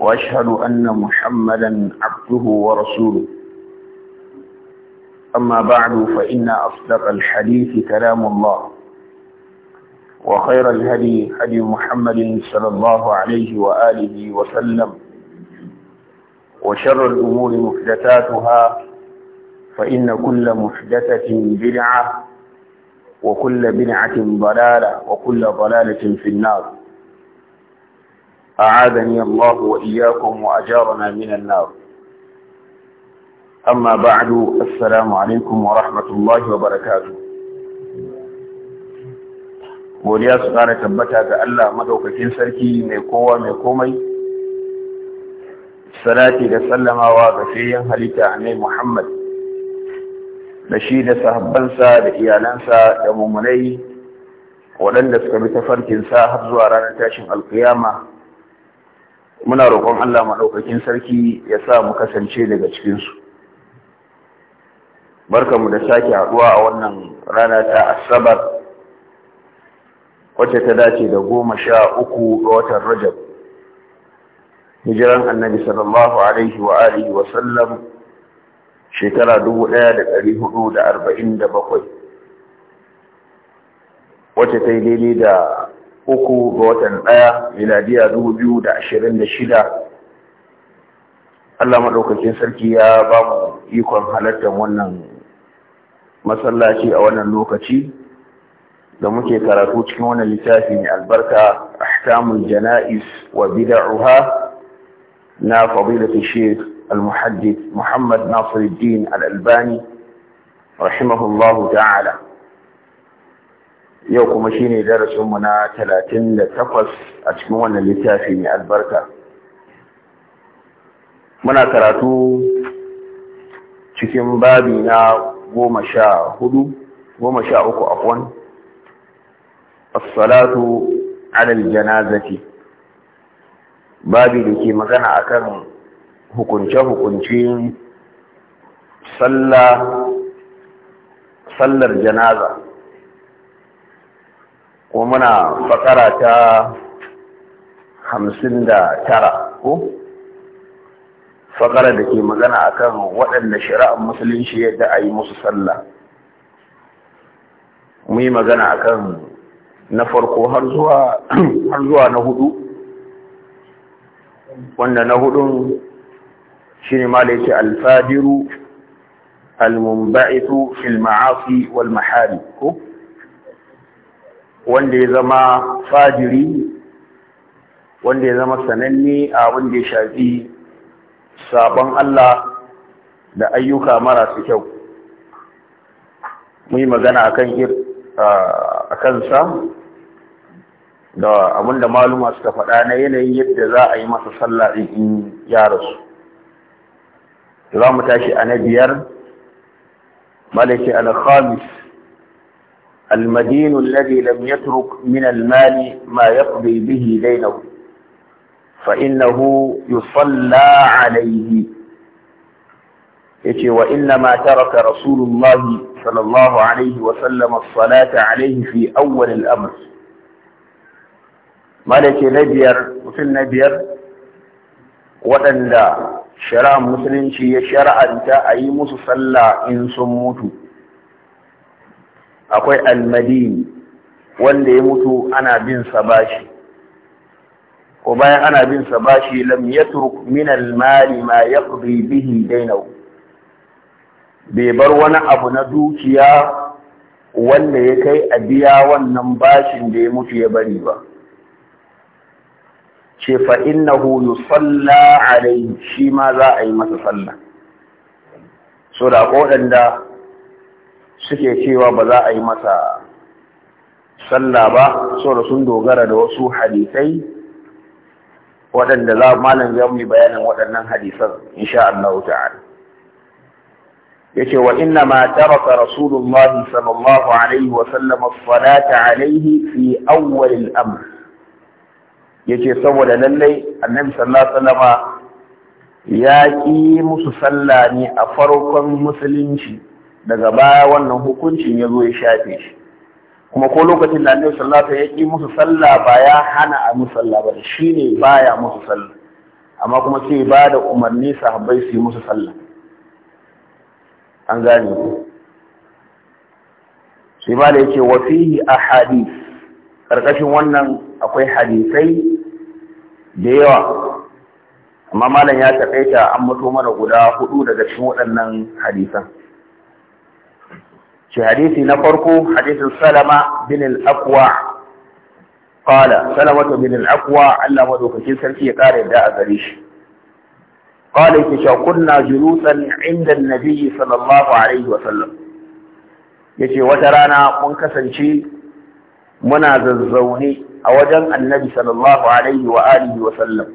وأشهد أن محمدا عبده ورسوله أما بعد فإن أصدق الحديث كلام الله وخير الهدي هدي محمد صلى الله عليه وآله وسلم وشر الأمور محدثاتها فإن كل محدثة بدعة وكل بدعة ضلالة وكل ضلالة في النار أعاذني الله وإياكم وأجارنا من النار أما بعد السلام عليكم ورحمة الله وبركاته godiya su ƙara tabbata ga Allah madaukakin sarki mai kowa mai komai salati da sallamawa ga fiyin halitta annabi Muhammad da shi da sahabbansa da iyalansa da mummunai waɗanda suka bi tafarkinsa har zuwa ranar tashin alkiyama muna roƙon Allah maɗaukakin sarki ya sa mu kasance daga cikinsu. Barkanmu da sake haɗuwa a wannan rana ta Asabar wacce ta dace da goma sha uku ga watan Rajab. Hijiran annabi sallallahu Alaihi wa Alihi wa sallam shekara dubu ɗaya da ɗari hudu da arba'in da bakwai. Wacce ta yi daidai da uku ga watan ɗaya miladiya dubu biyu da ashirin da shida Allah maɗaukakin sarki ya ba mu ikon halartar wannan masallaci a wannan lokaci da muke karatu cikin wannan littafi mai albarka ahkamul jana'is wa ruha na fadilatu sheikh al-muhaddith Muhammad Nasiruddin al-Albani rahimahullahu ta'ala yau kuma shine darasinmu na talatin da takwas a cikin wannan littafi mai albarka muna karatu cikin babi na goma sha hudu goma sha uku a as-salatu ala janazati babi da ke magana akan hukunce-hukuncin sallar janaza ko muna bakara ta hamsin da tara ko fakara da ke magana kan waɗanda shari'ar musulunci yadda a yi musu sallah mu yi magana kan na farko har zuwa na hudu wanda na hudun shi ne ma da yake alfadiru fil ma'asi wal mahari ko wanda ya zama fajiri wanda ya zama sananne a wanda ya shafi sabon Allah da ayyuka marasu kyau mun yi magana a kansa da abin da maluma suka faɗa na yanayin yadda za a yi masa sallah ɗin in ya rasu za mu tashi a na biyar malaki al-khamis المدين الذي لم يترك من المال ما يقضي به دينه فإنه يصلى عليه يتي وإنما ترك رسول الله صلى الله عليه وسلم الصلاة عليه في أول الأمر مالك نبير وفي نبير وتندى لا شرع مسلم شيء شرع أنت أي صلى إن سمته akwai almadini wanda ya mutu ana bin bashi ko bayan ana bin sa bashi lam yatruk min almali ma yaqdi bihi dainahu bai bar wani abu na dukiya wanda ya kai a biya wannan bashin da ya mutu ya bari ba ce fa innahu yusalla alai shi ma za a yi masa sallah so da waɗanda suke cewa ba za a yi masa sallah ba saboda sun dogara da wasu hadisai waɗanda za malam ya yi bayanin waɗannan hadisan insha Allah ta'ala yace wa inna ma taraka rasulullah sallallahu alaihi wa sallam as-salata alaihi fi awwal al-amr yace saboda lallai annabi sallallahu alaihi wasallama ya ki musu sallah ne a farkon musulunci daga baya wannan hukuncin ya zo ya shafe shi kuma ko lokacin da annabi sallallahu alaihi wasallam ya yi musu sallah ba ya hana a musu sallah ba shine baya musu sallah amma kuma sai ba da umarni sahabbai su yi musu sallah an gane ku sai ba da yake wasihi fihi ahadith karkashin wannan akwai hadisai da yawa amma malam ya taƙaita an mutu mana guda hudu daga cikin waɗannan hadisan shi hadisi na farko hadisin salama bin al-aqwa qala salama bin al-aqwa Allah madaukakin sarki ya kare da a gare shi qala yake cewa kunna julusan inda an-nabi sallallahu alaihi wa sallam yace wata rana mun kasance muna zazzaune a wajen annabi sallallahu wa wa sallam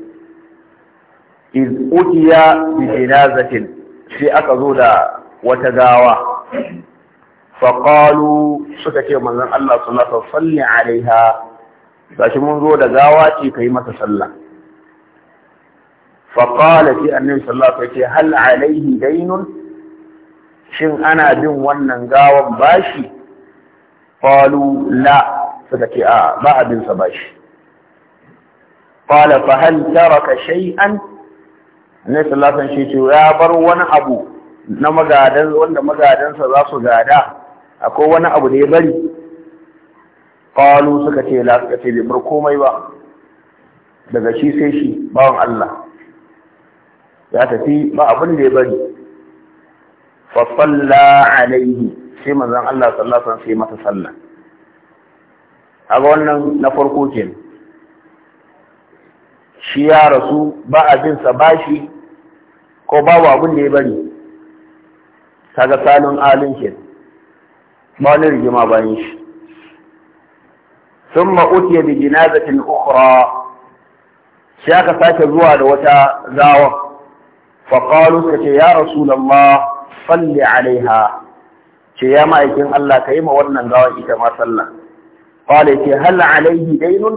iz utiya bi sai aka zo da wata gawa faƙalu suka ce manzan Allah suna ta salli alaiha shi mun zo da gawa ce ka yi masa sallah faƙala ce annabi sallah ce hal alaihi dainun shin ana bin wannan gawan bashi falu la suka ce a ba a binsa bashi qala fa hal taraka shay'an annabi sallallahu alaihi ce ya bar wani abu na magadan wanda magadansa za su gada akwai wani abu da ya bari qalu suka ce la suka ce bai bar komai ba daga shi sai shi bawan Allah ya tafi ba abin da ya bari fa salla alaihi sai manzon Allah sallallahu alaihi wasallam sai masa sallah kaga wannan na farko kenan shi ya rasu ba abinsa bashi ko babu abin da ya bari kaga salon alin kenan ba wani rigima bayan shi sun ma'utiya da jinazatin ukura shi aka sake zuwa da wata zawon. faƙalu suka ce ya rasulallah salli alaiha ce ya ma'aikin Allah ka yi ma wannan gawan ita ma sallah kwale ce hal alaihi dainun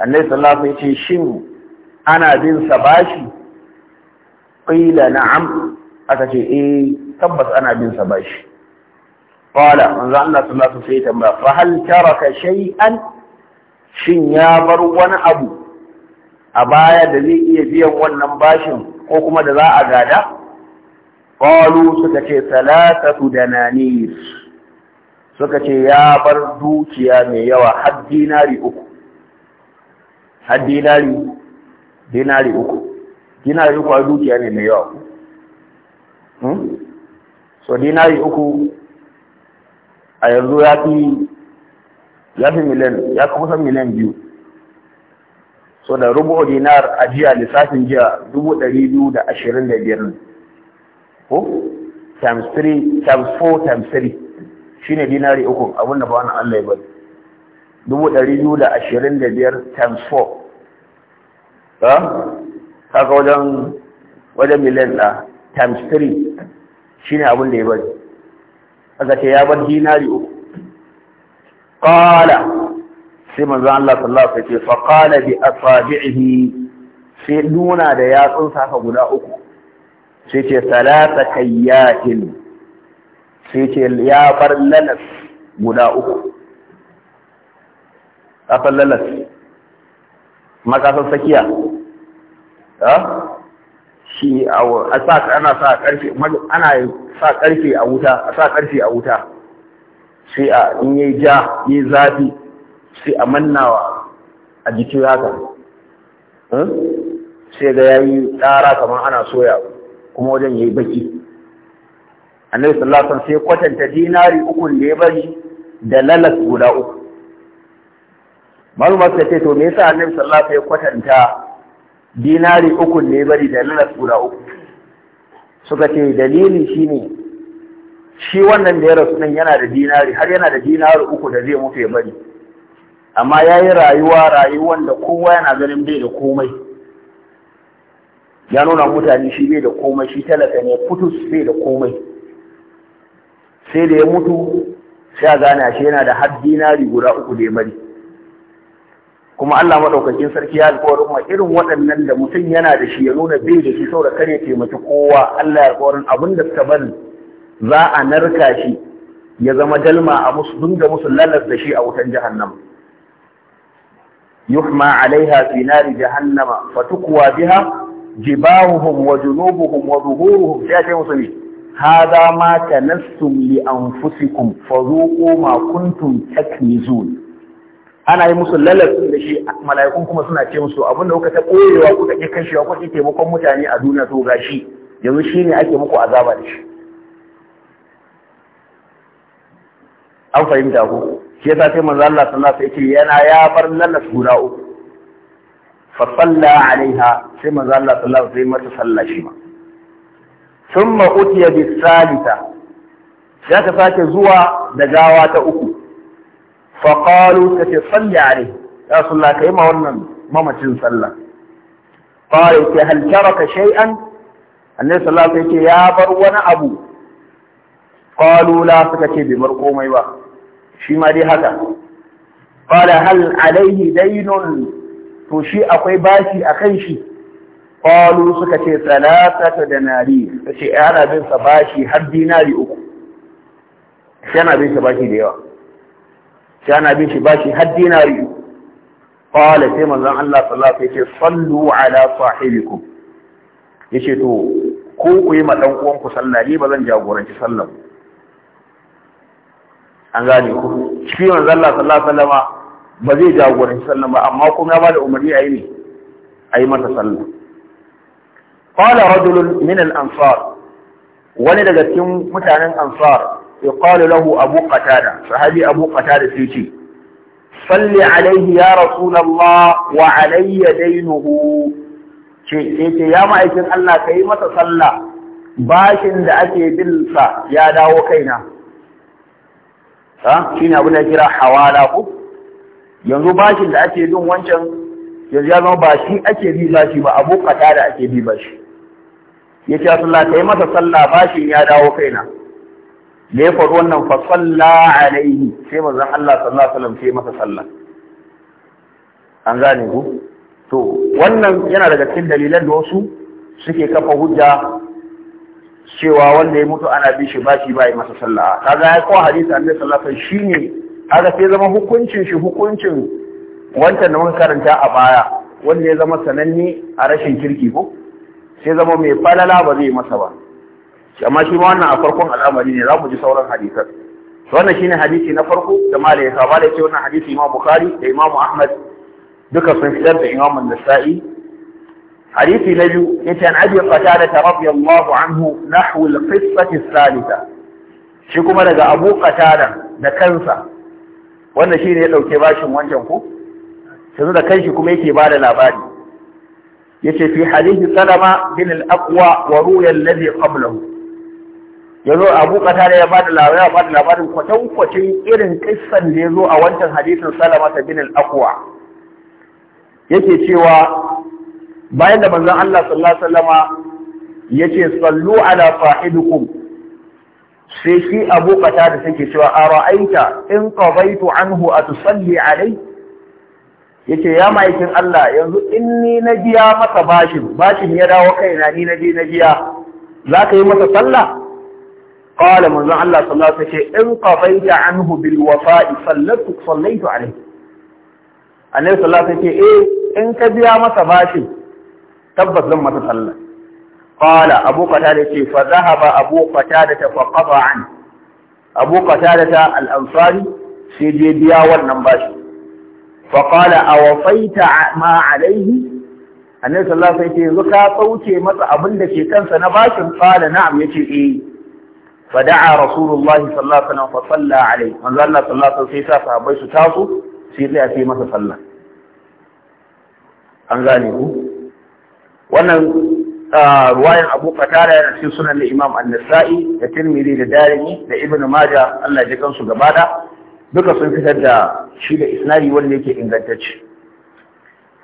annai sallah sai ce shin ana bin sa bashi ƙila na'am aka ce eh tabbas ana bin sa bashi قال من Allah الله alaihi wasallam tambaya fa hal taraka shay'an shin ya bar wani abu a baya da zai iya biyan wannan bashin ko kuma da za a gada qalu suka ce salatu dananir suka ce ya bar dukiya mai yawa har dinari uku har dinari dinari uku dinari uku a dukiya ne mai yawa so dinari uku a yanzu ya fi ya fi miliyan ya kusan miliyan biyu so da rubu dinar a jiya lissafin jiya dubu ɗari biyu da ashirin da biyar ko times three times four times three shi ne dinari uku abin da ba wani Allah ya bari dubu ɗari biyu da ashirin da biyar times four ta kaka wajen wajen miliyan ɗaya times three shi ne abin da ya bari aka ce ya bar dinari uku qala sai manzo Allah sallallahu alaihi wasallam fa qala bi asabihi sai nuna da yatsun ka guda uku sai ce salata kayyatin sai ce ya bar lalas guda uku kafan lalas makasan sakiya ha shi a sa ana sa karfe ana sa karfe a wuta a sa karfe a wuta sai a in yayi ja yayi zafi sai a mannawa a jikin haka hmm? sai ga yayi tsara kamar ana soya kuma wajen yayi baki annabi sallallahu alaihi wasallam sai kwatanta dinari uku da ya bari da lalas guda uku malumar sai ce to me yasa annabi sallallahu alaihi wasallam ya kwatanta dinari uku ne bari da naira guda uku suka ce dalili shine shi wannan da ya rasu nan yana da dinari har yana da dinari uku da zai mutu ya bari amma ya yi rayuwa rayuwan da kowa yana ganin bai da komai ya nuna mutane shi bai da komai shi talaka ne putus bai da komai sai da ya mutu sai a gane shi yana da har dinari guda uku da ya bari kuma Allah maɗaukakin sarki ya alƙawarin ma irin waɗannan da mutum yana da shi ya nuna bai da shi saboda kare taimaki kowa Allah ya alƙawarin abin da suka bari za a narka shi ya zama dalma a musu dinga musu lalas da shi a wutan jahannam yuhma alaiha fi nari jahannama fatukwa biha jibahuhum wa junubuhum wa zuhuruhum sai ce musu ne hada ma kanastum li anfusikum fazuqu ma kuntum taknizun ana yi musu lalatin da shi mala'ikun kuma suna ce musu abinda kuka ta koyewa kuka ke shiwa kuka ke taimakon mutane a duniya to gashi yanzu shi ne ake muku azaba da shi an fahimta ku shi yasa sai manzo Allah sallallahu alaihi wasallam yana ya bar lalas guda uku fa salla alaiha sai manzo Allah sallallahu alaihi wasallam mata salla shi ma thumma utiya bis salita sai ka sake zuwa da gawa ta uku fa qalu kace salli alai ya rasulullah kai ma wannan mamacin sallah qala ke hal taraka shay'an annabi sallallahu alaihi wasallam ya bar wani abu qalu la suka ce bai bar komai ba shi ma dai haka qala hal alaihi daynun to shi akwai bashi akan shi qalu suka ce salatata danari kace ana bin sa bashi har dinari uku yana sa bashi da yawa sai ana bin shi bashi har dinari qala sai manzon Allah sallallahu alaihi wasallam yace sallu ala sahibikum yace to ko ku yi ma dan uwan ku sallah ni ba zan jagoranci sallah an gane ku shi manzon Allah sallallahu alaihi wasallam ba zai jagoranci sallah ba amma kuma ya bada umarni ayi ne ayi masa sallah qala rajulun min al-ansar wani daga cikin mutanen ansar يقال له أبو قتادة فهذه أبو قتادة سيتي صل عليه يا رسول الله وعلي دينه سيتي يا ما معيكين الله كيما تصلى باش عند أكي بلسا يا دا وكينا ها شين أبو نجرى حواله yanzu bashin da ake bin wancan yanzu ya zama أكي shi ake bi bashi ba أكي kata da ake bi bashi ya ce sallah kai masa sallah bashin ya dawo kaina da ya faru wannan fasalla a laihi sai manzon Allah sallallahu alaihi wasallam sai masa sallah an gane ku to wannan yana daga cikin dalilan da wasu suke kafa hujja cewa wanda ya mutu ana ba shi bashi yi masa sallah kaga ya kowa hadisi an sallallahu alaihi shine kaga sai zama hukuncin shi hukuncin wancan da muka karanta a baya wanda ya zama sananne a rashin kirki ko sai zama mai falala ba zai masa ba amma shi ma wannan a farkon al'amari ne za mu ji sauran hadisan wannan shine hadisi na farko da malai ya saba da ce wannan hadisi imam bukhari da imam ahmad duka sun fitar da imam an-nasa'i hadisi na biyu yace an abi qatada radiyallahu anhu nahwu al-qissati ath salisa. shi kuma daga abu qatada da kansa wannan shine ya dauke bashin wancan ko yanzu da kanshi kuma yake bada labari yace fi hadisi salama bin al-aqwa wa ruya alladhi qablahu ya zo abu da ya bada labarin ya bada labarin kwatankwacin irin kissan da ya zo a wancan hadisin salama ta bin al'akwa yake cewa bayan da manzon Allah sallallahu alaihi wasallama yace sallu ala fa'idukum sai shi abu kata da take cewa ara'aita in qadaitu anhu atusalli alai yace ya ma'aikin Allah yanzu in ni na biya masa bashin bashin ya dawo kaina ni na je na biya za ka yi masa sallah qala manzo Allah sallallahu alaihi wasallam in qafaita anhu bil wafa'i sallatu sallaitu alaihi annabi sallallahu alaihi wasallam eh in ka biya masa bashi tabbas zan masa sallah qala abu qatada ce fa zahaba abu qatada fa qada an abu qatada al ansari sai je biya wannan bashi fa qala awafaita ma alaihi annabi sallallahu alaihi wasallam yanzu ka sauke masa abin da ke kansa na bashin qala na'am yace eh fada'a rasulullahi sallallahu alaihi wasallam fa salla alaihi manzo su tasu, sai tsaya sai masa sallah an gane ku wannan ruwayan Abu Qatada yana cikin sunan Imam An-Nasa'i da Tirmidhi da Darimi da Ibn Majah Allah ya kansu gaba da duka sun fitar da shi da isnadi wanda yake ingantacce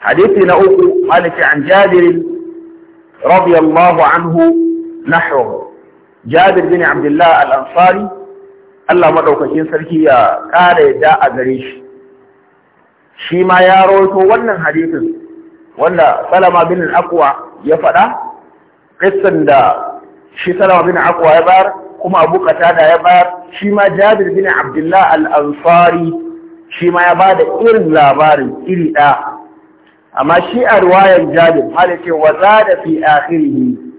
hadisi na uku عن an رضي الله anhu نحوه jabir bin abdullah al Allah madaukakin sarki ya ƙara yadda a gare shi shi ma ya roto wannan hadisin wanda salama bin Akwa ya faɗa qissan da shi salama bin Akwa ya bayar kuma abu da ya bayar shi ma jabir bin abdullah al-ansari shi ma ya da irin labarin iri ɗaya amma shi a riwayar jabir halace wa zada fi akhirihi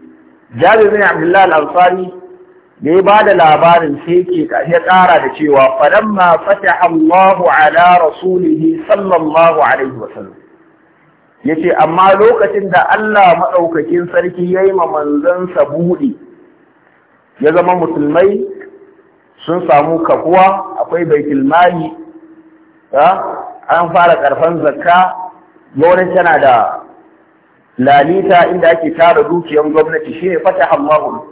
jabir bin abdullahi al-ansari da ya ba da labarin sai ke ya ƙara da cewa ma fataha Allahu ala rasulihi sallallahu alaihi wa sallam yace amma lokacin da Allah madaukakin sarki yayi ma manzansa buɗe ya zama musulmai sun samu kafuwa akwai baitul mali an fara karfan zakka gwamnati tana da lalita inda ake tara dukiyar gwamnati shi ne fata Allahu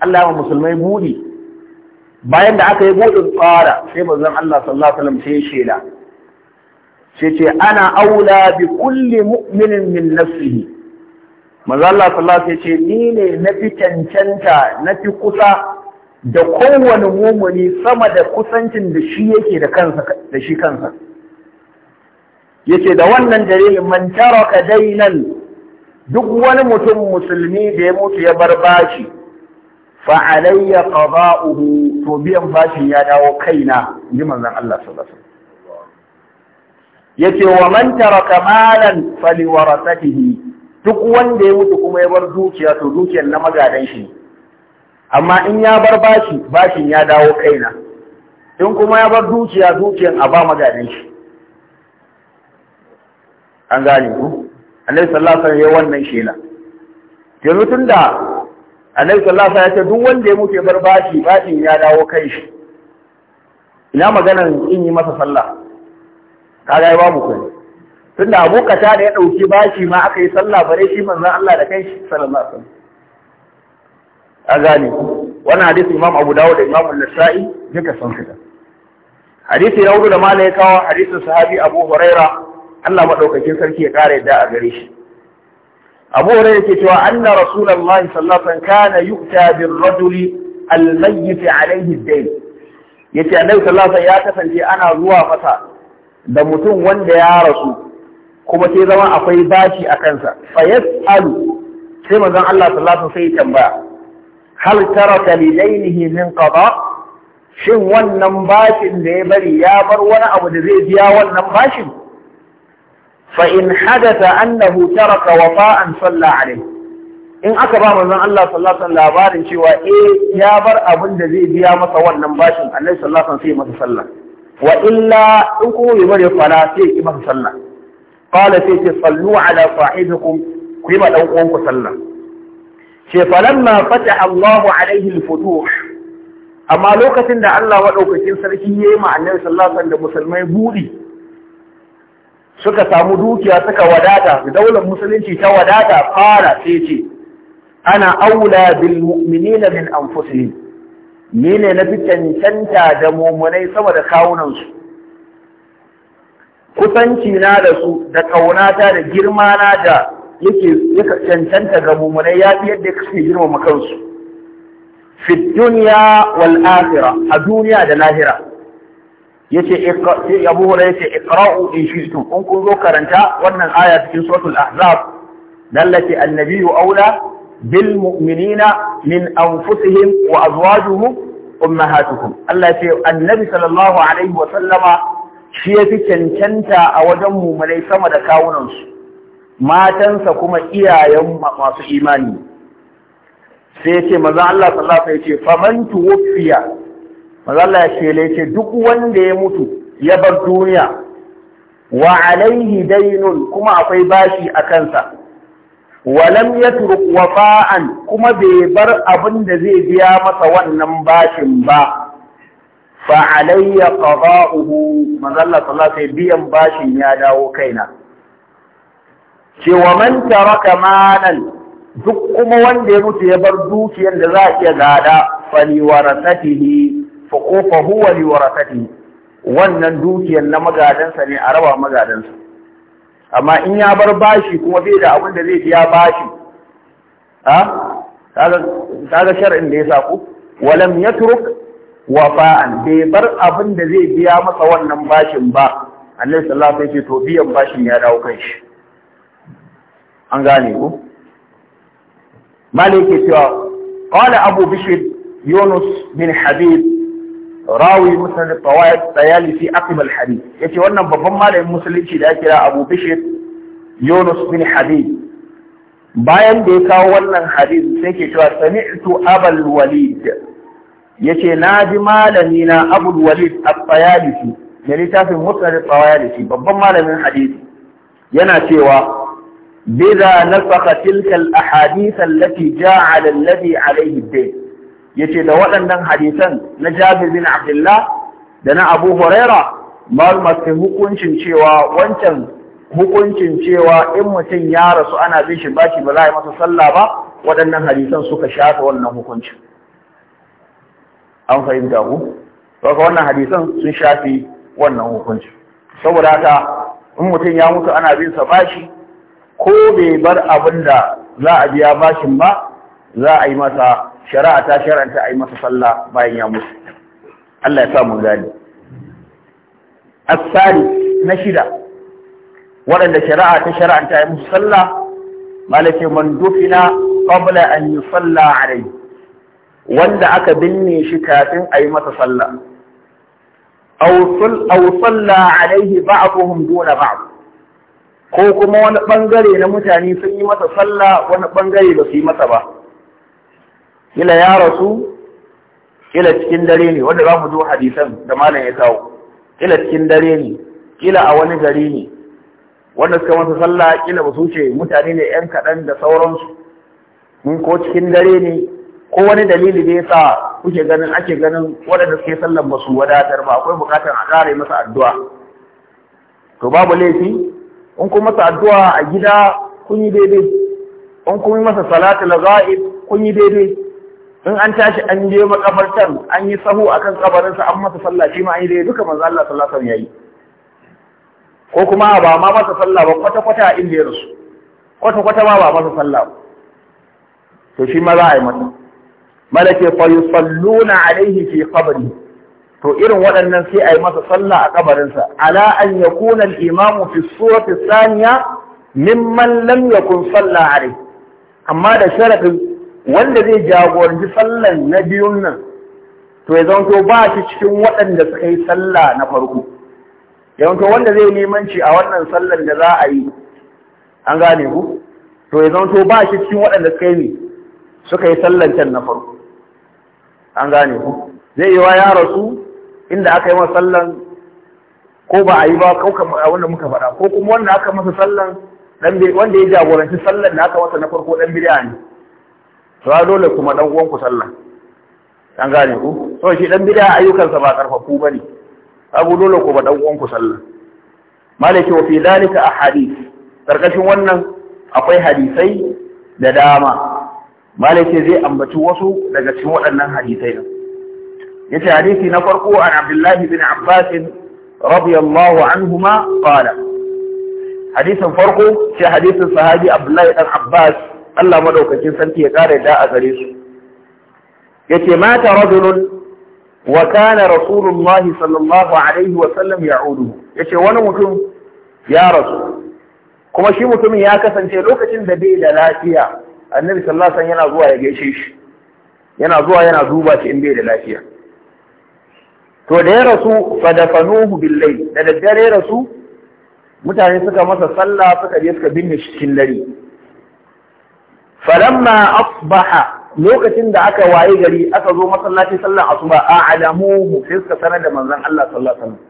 Allah wa musulmai buɗi. bayan da aka yi buɗin tsara sai manzon Allah sallallahu alaihi wasallam sai ya shela sai ce ana aula bi kulli mu'minin min nafsihi manzon Allah sallallahu alaihi wasallam ce ni ne na fi cancanta na fi kusa da kowane mumuni sama da kusancin da shi yake da kansa da shi kansa yace da wannan dalilin man taraka dainan duk wani mutum musulmi da ya mutu ya bar bashi fa alayya qada'uhu to biyan bashin ya dawo kaina ji manzon Allah sallallahu alaihi yace wa man taraka malan faliwarasatihi duk wanda ya mutu kuma ya bar dukiya to dukiyar na magadan shi amma in ya bar bashi bashin ya dawo kaina in kuma ya bar dukiya dukiyar a ba magadan shi an gane ku annabi sallallahu alaihi wasallam ya wannan shela yanzu tunda annabi sallallahu alaihi wasallam ya ce duk wanda ya mutu bar bashi bashin ya dawo kai shi ina maganar in yi masa sallah kaga mu kai tunda Abu Kata da ya dauki bashi ma aka yi sallah bare shi manzon Allah da kai shi sallallahu alaihi wasallam a gane wannan hadisi Imam Abu Dawud da Imam An-Nasa'i duka sun fita hadisi ya wuce da malai kawo hadisin sahabi Abu Huraira Allah madaukakin sarki ya kare yadda a gare shi Abu ya yake cewa anna na sallallahu alaihi kana yu'ta bir rajuli al-mayyit alayhi dai. Ya yace Annabi sallallahu ya kasance ana zuwa masa da mutum wanda ya rasu kuma sai zama akwai bashi a kansa fa Alu. sai mazan Allah sallallahu sai tambaya hal taraka lidainihi min qada shin wannan bashin da ya bari ya bar wani abu da zai biya wannan bashin فإن حدث أنه ترك وطاء صلى عليه in aka ba manzon Allah sallallahu alaihi labarin cewa eh ya bar abin da zai biya masa wannan bashin Annabi sallallahu alaihi wasallam sai masa sallah wa illa in kuma bai bari fara sai ki masa sallah qala sai ce sallu ala sahibikum ku yi ma dan uwan ku sallah ce falamma fata Allah alaihi al-futuh amma lokacin da Allah madaukakin sarki yayi ma Annabi sallallahu alaihi wasallam da musulmai buri suka samu dukiya suka wadata daular musulunci ta wadata fara sai ce ana aula bil mu'minina min anfusihim na fi cancanta da mumunai sama da kawunansu kusanci na da su da kaunata da girma na da yake yaka cancanta ga mumunai ya fi yadda suke girmama kansu fi duniya wal akhirah a duniya da lahira yace Abu Hurairah yace iqra'u in shi'tum kun kun zo karanta wannan aya cikin suratul ahzab dallati annabiyyu aula bil mu'minina min anfusihim wa azwajuhum ummahatukum Allah yace annabi sallallahu alaihi wa sallama shi yafi cancanta a wajen mu'minai sama da kawunan su matansa kuma iyayen masu imani sai yace manzo Allah sallallahu alaihi wa sallam yace faman tuwfiya mazalla ya shele ce duk wanda ya mutu ya bar duniya wa alaihi dainun kuma akwai bashi a kansa walam yatruk wafa'an kuma bai bar abin da zai biya masa wannan bashin ba fa alayya qada'uhu mazalla sallallahu alaihi biyan bashin ya dawo kaina cewa man taraka malan duk kuma wanda ya mutu ya bar dukiyar da za a iya gada warasatihi fa huwa li warasati wannan dukiyar na magadansa ne a raba magadansa amma in ya bar bashi kuma bai da abin da zai biya bashi ha kaga shar'in da ya saku walam yatruk wafa'an bai bar abin da zai biya masa wannan bashin ba annabi sallallahu alaihi wasallam ce to biyan bashin ya dawo kan shi an gane ku malike cewa qala abu bishr yunus bin habib rawi musnad qawaid tayali fi al hadith yace wannan babban malamin musulunci da ake kira Abu Bishr Yunus bin Habib bayan da ya kawo wannan hadith sai ke cewa sami'tu Abul Walid yace na ji malami na Abul Walid at-Tayalisi da littafin musnad at-Tayalisi babban malamin hadisi yana cewa bidha nasakha tilka al ahadith allati ja'a alladhi alayhi ad yace da waɗannan hadisan na Jabir bin Abdullah da na Abu Huraira maluma masu hukuncin cewa wancan hukuncin cewa in mutum ya rasu ana bin shi bashi ba za a masa sallah ba waɗannan hadisan suka shafa wannan hukuncin an fahimta ku saboda wannan hadisan sun shafi wannan hukuncin saboda haka in mutum ya mutu ana bin sa bashi ko bai bar abin da za a biya bashin ba za a yi masa shari'a ta shar'anta a yi masa sallah bayan ya mutu Allah ya samu gani asali na shida waɗanda shari'a ta shar'anta a yi masa sallah malaka man dufina qabla an yusalla alayhi wanda aka binne shi kafin a yi masa sallah aw salla alayhi ba'dhum duna ba'd ko kuma wani bangare na mutane sun yi masa sallah wani bangare ba su yi masa ba kila ya rasu kila cikin dare ne wanda za mu zo hadisan da malam ya kawo kila cikin dare ne kila a wani gari ne wanda suka masa sallah kila ba su ce mutane ne yan kaɗan da sauransu in ko cikin dare ne ko wani dalili da ya sa kuke ganin ake ganin waɗanda suke sallan ba su wadatar ba akwai buƙatar a ƙara masa addu'a to babu laifi in kun masa addu'a a gida kun yi daidai in kun masa salatu la kun yi daidai in an tashi an je makabartar an yi sahu akan kabarinsa an masa sallah shi ma an yi dai duka manzo Allah sallallahu alaihi wasallam yayi ko kuma ba ma masa sallah ba kwata kwata a inda ya rasu kwata kwata ma ba masa sallah to shi ma za a yi masa malake fa yusalluna alaihi fi qabri to irin waɗannan sai a yi masa sallah a kabarinsa ala an yakuna al-imamu fi surati thaniya mimman lam yakun salla alaihi amma da sharadin wanda zai jagoranci sallan na biyun nan to ya zanto ba shi cikin waɗanda suka yi sallah na farko ya zanto wanda zai nemanci a wannan sallan da za a yi an gane ku to ya zanto ba shi cikin waɗanda suka yi suka yi sallan can na farko an gane ku zai yi wa ya rasu inda aka yi masa sallan ko ba a yi ba ko wanda muka faɗa ko kuma wanda aka masa sallan wanda ya jagoranci sallan da aka masa na farko ɗan bid'a ne to ya dole kuma dan uwan ku sallah an gane ku to shi dan bid'a ayyukansa ba karfafu bane abu dole ku ba dan uwan ku sallah malaki wa fi dalika ahadith karkashin wannan akwai hadisai da dama malaki zai ambaci wasu daga cikin waɗannan hadisai din yace hadisi na farko an Abdullahi bin Abbas radiyallahu anhuma qala hadisin farko shi hadisin sahabi Abdullahi dan Abbas Allah maɗaukacin sanki ya ƙara yadda a gare su yace mata rajulun wa kana rasulullah sallallahu alaihi wa sallam Ya ce wani mutum ya rasu kuma shi mutumin ya kasance lokacin da bai da lafiya annabi sallallahu yana zuwa ya gaishe shi yana zuwa yana duba shi in bai da lafiya to da ya rasu fadafanuhu Billai, da daddare rasu mutane suka masa sallah suka je suka binne shi cikin dare falamma asbaha lokacin da aka waye gari aka zo masallaci sallar asuba a alamuhu sai suka sanar da manzon Allah sallallahu alaihi wasallam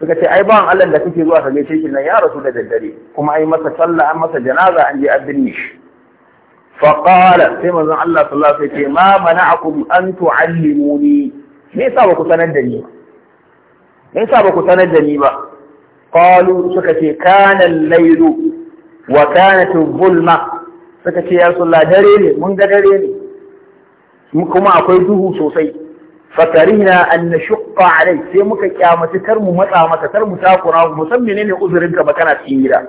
suka ce ai bawan Allah da kake zuwa ka gaishe shi nan ya rasu da daddare kuma ai masa sallah an masa janaza an je an binne shi fa sai manzon Allah sallallahu alaihi wasallam ce ma mana'akum an tu'allimuni me yasa ba ku sanar da ni ba me yasa ba ku sanar da ni ba qalu suka ce kana al-laylu wa kanat al-zulma suka ce ya sulla dare ne mun ga dare ne kuma akwai duhu sosai fakarina an nashqa alai sai muka kyamaci kar mu matsa maka kar mu takura mu san menene uzurin ka ba kana cikin gida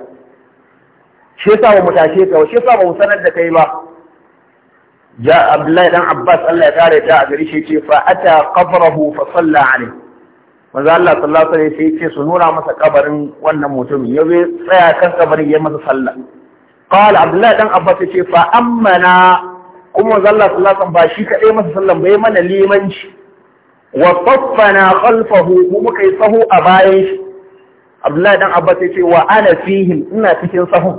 shi yasa ba mu tashe ka ba shi yasa ba mu sanar da kai ba ja abdullahi dan abbas Allah ya kare ta a gari shi ce fa ata qabrahu fa salla alai manzo Allah sallallahu alaihi wasallam sai ya ce su nuna masa kabarin wannan mutumin ya tsaya kan kabarin ya masa sallah qala abdullahi dan abbas yace fa ammana kuma zalla sallallahu ba kadai masa sallan bai mana limanci wa saffana khalfahu mu muka yi sahu a bayan shi abdullahi dan abbas yace wa ana fihim ina cikin sahu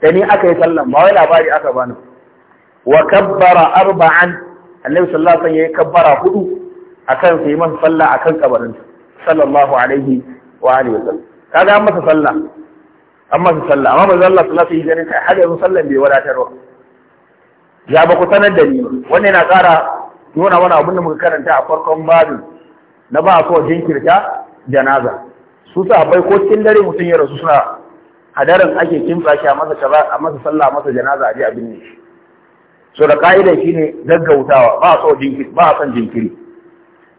da ni aka yi sallan ba wai labari aka bani wa kabbara arba'an annabi sallallahu alaihi wasallam yayi kabbara hudu akan sai masa sallah akan kabarin sallallahu alaihi wa alihi kaga masa sallah amma su sallah amma manzo Allah sallallahu yi ganin kai, har yanzu sallan bai wadatarwa ya ba ku sanar da ni wannan yana ƙara nuna wani abin da muka karanta a farkon babin na ba a ko jinkirta janaza su sa bai ko cikin dare mutum ya rasu suna hadarin ake kimtsa shi a masa kaza a masa sallah a masa janaza a je a binne so da ka'ida shine gaggautawa ba a so jinkiri ba a son jinkiri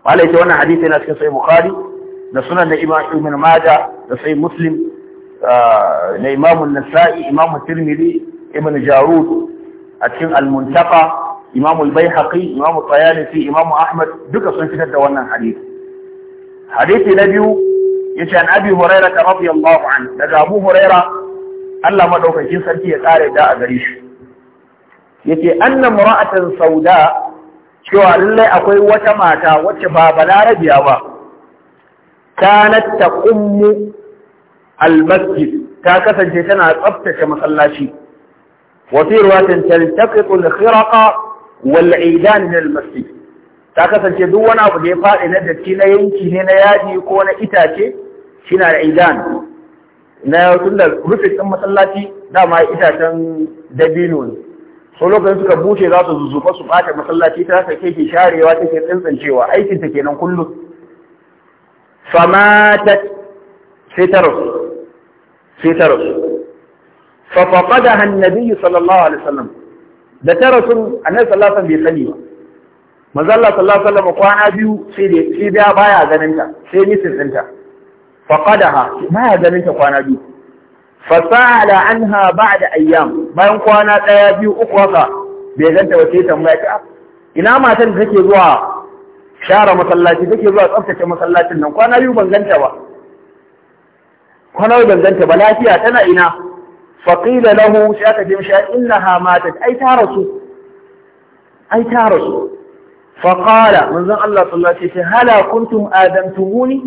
malai ce wannan hadisi yana cikin sai bukhari da sunan na imam ibn majah da sai muslim na imamun nasa'i imamun tirmidhi ibn jarud a cikin al-muntaka imamu al-baihaqi imamu tayalisi imamu ahmad duka sun fitar da wannan hadisi hadisi na biyu yace an abi hurairah radiyallahu anhu daga abu hurairah Allah madaukakin sarki ya kare da a gare shi yace anna mar'atan sauda cewa lallai akwai wata mata wacce ba balarabiya ba kanat taqummu al ta kasance tana tsaftace masallaci wa fi riwayatin taltaqitu al wal idan min al ta kasance duk wani abu da ya faɗi na datti na yanki ne na yadi ko na itace shine da idan na tunda rufe din masallaci dama itacen dabino ne so lokacin suka bushe za su zuzzufa su ɓata masallaci ta ta ke sharewa take tsintsincewa aikin ta kenan kullum famatat sai ta rasu sai ta rasu fa faqadaha sallallahu alaihi wasallam da ta rasu annabi sallallahu alaihi bai sani ba manzo sallallahu alaihi wasallam kwana biyu sai da sai da baya ganin ta sai misin dinta faqadaha baya ganin ta kwana biyu fasala anha ba'da ayyam bayan kwana daya biyu uku haka bai ganta wace tambaya ta ina matan da take zuwa share masallaci take zuwa tsaftace masallacin nan kwana biyu ban ganta ba kwanar danganta ba lafiya tana ina faƙila lahu shi aka ce mishi innaha matat ai ta rasu ai ta rasu faƙala manzon Allah sallallahu alaihi wasallam hala kuntum adamtumuni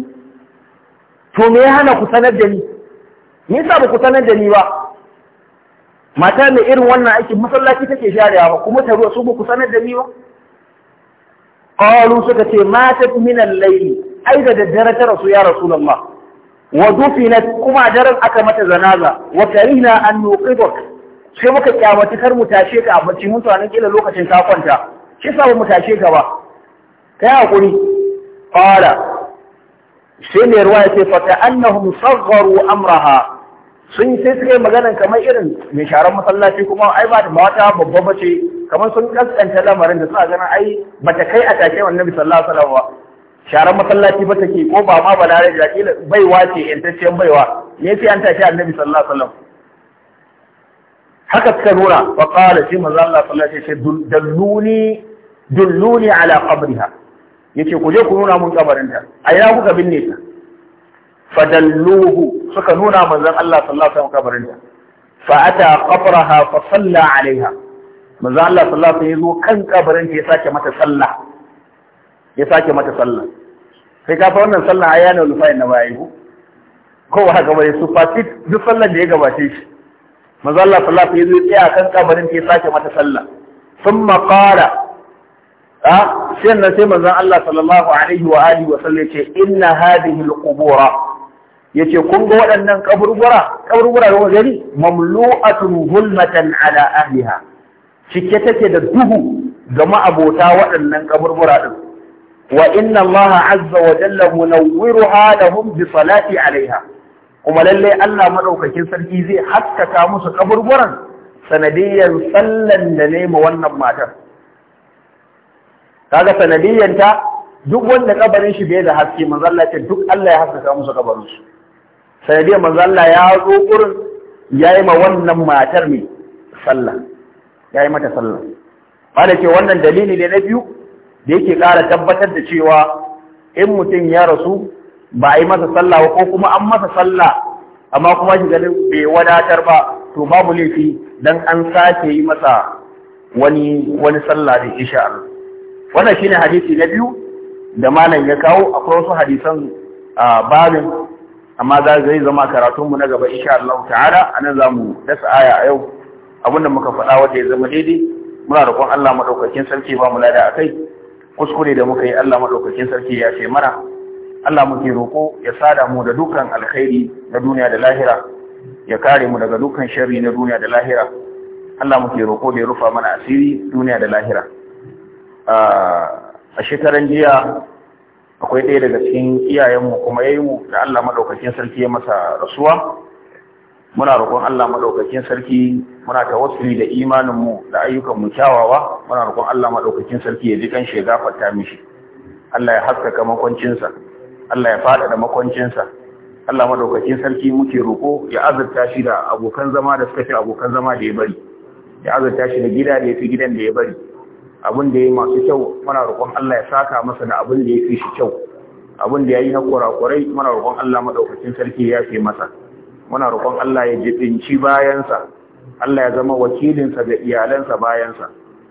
to me ya hana ku sanar da ni me yasa ba ku sanar da ni ba mata mai irin wannan aikin masallaci take sharewa ba kuma ta ruwa su ba ku sanar da ni ba qalu suka ce matat min al-layl ai da daddare ta rasu ya rasulullah wa dufinat kuma daren aka mata zanaza wa karihna an nuqidak sai muka kyamaci kar mu tashe ka a bacci mun kila lokacin ka kwanta shi mu tashe ka ba kai hakuri qala sai mai ruwa yace fa ka'annahum amraha sun sai suka magana kamar irin mai sharan masallaci kuma ai ba da mata babba bace kamar sun kaskanta lamarin da suka ganin ai bata kai a tashe wannan nabi sallallahu alaihi sharar masallaci ba take ko ba ma balare da kila baiwa ce yantacciyar baiwa ne sai an tashi annabi sallallahu alaihi wasallam haka suka nuna wa qala shi manzo Allah sallallahu alaihi wasallam dalluni dulluni ala qabriha yace ku je ku nuna mun kabarinta a ina kuka binne ta Fa fadalluhu suka nuna manzon Allah sallallahu alaihi wasallam ta fa ata qabraha fa salla alaiha manzon Allah sallallahu alaihi wasallam ya zo kan kabarinta ya sake mata sallah ya sake mata sallah kai ka fa wannan sallah ayya na lufayin na baya ko ko ba haka bane su Fasit duk sallar da ya gabace shi manzo Allah sallallahu alaihi wasallam ya kan kabarin ya sake mata sallah thumma qala a ah? sai nan sai manzon Allah sallallahu alaihi wa alihi wa sallam yace inna hadhihi alqubura yace kun ga waɗannan kaburbura kaburbura da gari mamlu'atun hulmatan ala ahliha cike take da duhu ga ma'abota waɗannan kaburbura din وإن الله عز وجل منورها لهم بصلاة عليها kuma lallai Allah madaukakin sarki zai haskaka musu kaburburan sanadiyyar sallan da nema wannan matar kaga sanadiyyar ta duk wanda kabarin shi bai da haske manzo Allah duk Allah ya haskaka musu kabarin sanadiyyar manzo ya zo gurin wannan matar ne sallah yayi mata sallah ke wannan dalili ne na biyu da yake ƙara tabbatar da cewa in mutum ya rasu ba a yi masa sallah ko kuma an masa sallah amma kuma shi ganin bai wadatar ba to babu laifi dan an sake yi masa wani wani sallah da insha wannan shine hadisi na biyu da malam ya kawo akwai wasu hadisan babin amma za zai zama karatun mu na gaba insha Allah ta'ala anan zamu dasa aya a yau abinda muka faɗa wanda ya zama daidai muna da ƙwan Allah madaukakin sarki ba mu lada akai kuskure da muka yi Allah maɗaukakin sarki ya ce mana Allah muke roko ya sada mu da dukan alkhairi na duniya da lahira ya kare mu daga dukan sharri na duniya da lahira Allah muke roko da ya rufa mana asiri duniya da lahira a shekaran jiya akwai ɗaya daga cikin iyayenmu kuma ya yi mu da Allah maɗaukakin sarki ya masa rasuwa muna roƙon Allah maɗaukakin sarki muna wasuri da imaninmu da ayyukan mu kyawawa muna roƙon Allah maɗaukakin sarki ya ji kan shiga fata mishi Allah ya haskaka makwancinsa Allah ya faɗaɗa makwancinsa Allah maɗaukakin sarki muke roƙo ya azurta shi da abokan zama da suka fi abokan zama da ya bari ya azurta shi da gida da ya fi gidan da ya bari abin da ya yi masu kyau muna roƙon Allah ya saka masa da abin da ya fi shi kyau abin da ya yi na kurakurai muna roƙon Allah maɗaukakin sarki ya fi masa muna roƙon Allah ya jibinci bayansa Allah ya zama wakilinsa ga iyalansa bayansa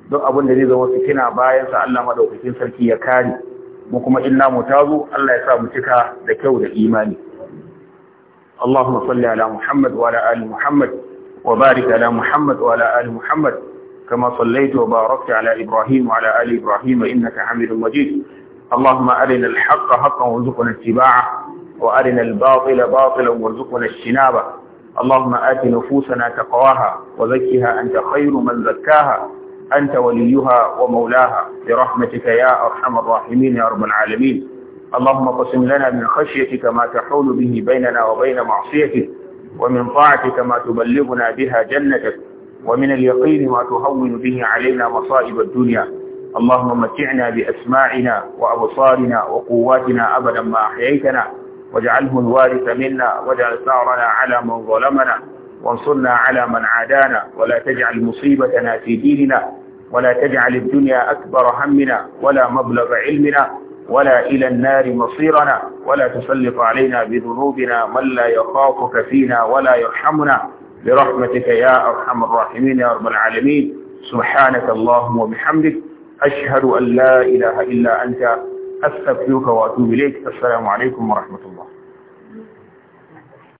duk abin da zai zama fitina bayansa Allah madaukakin sarki ya kare mu kuma inna mu tazo Allah ya sa mu cika da kyau da imani Allahumma salli ala Muhammad wa ala ali Muhammad wa barik ala Muhammad wa ala ali Muhammad كما صليت وباركت على إبراهيم وعلى آل إبراهيم إنك حميد arina اللهم أرنا الحق حقا وارزقنا اتباعه وأرنا الباطل باطلا وارزقنا الشنابة اللهم آت نفوسنا تقواها وزكها أنت خير من زكاها أنت وليها ومولاها برحمتك يا أرحم الراحمين يا رب العالمين اللهم قسم لنا من خشيتك ما تحول به بيننا وبين معصيتك ومن طاعتك ما تبلغنا بها جنتك ومن اليقين ما تهون به علينا مصائب الدنيا اللهم متعنا بأسماعنا وأبصارنا وقواتنا أبدا ما أحييتنا واجعله الوارث منا واجعل ثارنا على من ظلمنا وانصرنا على من عادانا ولا تجعل مصيبتنا في ديننا ولا تجعل الدنيا أكبر همنا ولا مبلغ علمنا ولا إلى النار مصيرنا ولا تسلط علينا بذنوبنا من لا يخافك فينا ولا يرحمنا برحمتك يا أرحم الراحمين يا رب العالمين سبحانك اللهم وبحمدك أشهد أن لا إله إلا أنت أستغفرك وأتوب إليك السلام عليكم ورحمة الله